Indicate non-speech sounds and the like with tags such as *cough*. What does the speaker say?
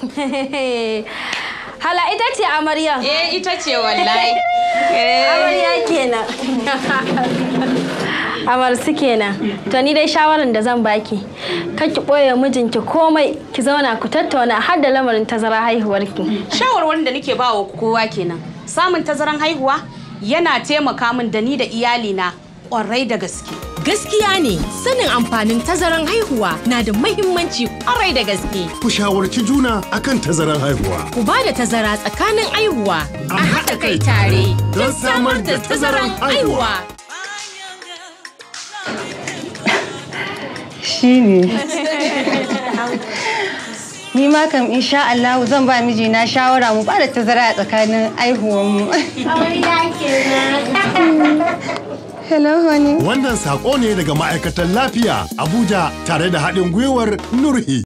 *laughs* Hala ita ce amarya. Eh ita ce wallahi. *laughs* Amarya kenan. *laughs* Amarsu kenan. To ni dai shawaran da zan baki. Kar ki ɓoye mijinki komai ki zauna ku tattauna har da lamarin tazara haihuwarki. Shawarwarin da nake bawa kowa kenan. Samun tazaran haihuwa yana taimaka min da ni da iyalina kwarai da gaske. Gaskiya ne sanin amfanin tazaran haihuwa na da mahimmanci kwarai da gaske. Ku shawarci juna akan tazaran haihuwa. Ku ba da tazara tsakanin haihuwa a haɗa kai tare don samar da tazaran haihuwa. Shi ne. ni ma kam insha Allah zan ba mijina shawara mu ba da tazara a tsakanin mu. Aure ya kenan. *laughs* Hello honey. Wannan saƙo ne daga ma'aikatan lafiya Abuja tare da haɗin gwiwar Nurhi.